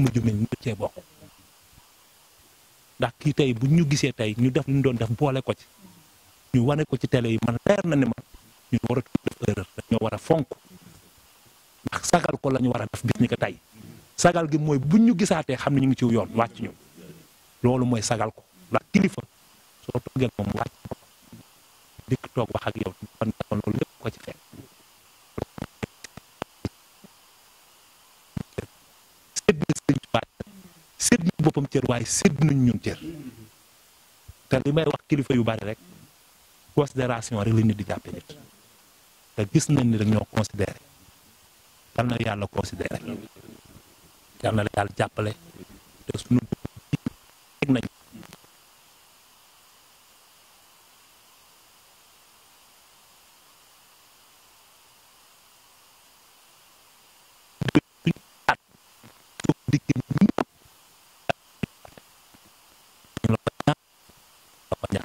mujj mi mu cee bokk ndax kii tey bu ñu gisee tey ñu def lu ñu doon def boole ko ci ñu wane ko ci télé yi man leer na ne ma ñu waratu def erreur dañoo war a fonk ndax sagal ko lañu ñu war a def bis ni ko tey sagal gi mooy bu ñu gisaatee xam ne ñu ngi ci yoon wàcc ñu loolu mooy sagal ko ndax kilifa soo toogee moom wàcc dikk toog wax ak yow sédd na boppam cër waaye sédd nañ ñun cër te li may wax kilifa yu bari rek considération rek li nit di jàppee nit te gis nañ ni rek ñoo considéré yal na yàlla considéré yal na yàlla jàppale te sunu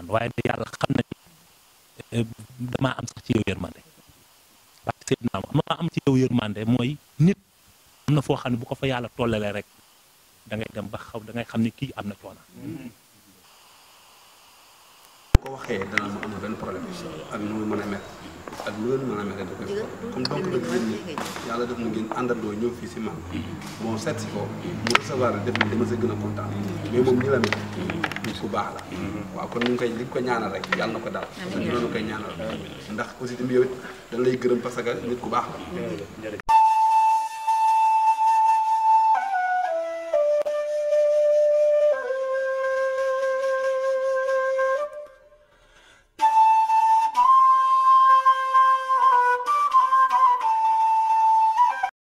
waaye de yàlla xam na ni eh, damaa am sax ci yow yërmande que Seydina ma am ci yow yërmande mooy nit am na foo xam ne bu ko fa yàlla tollalee rek da ngay dem ba xaw da ngay xam ne kii am na coono. bu ko waxee dana mu amul benn problème a mel ak loolu mën a da koy comme donc da ngeen ni yàlla ku baax la waaw kon ñu ngi koy li ko ñaanal rek yàlla na ko dal ñu noonu koy ñaanal ndax aussi tamit yow it lay gërëm parce nit ku baax la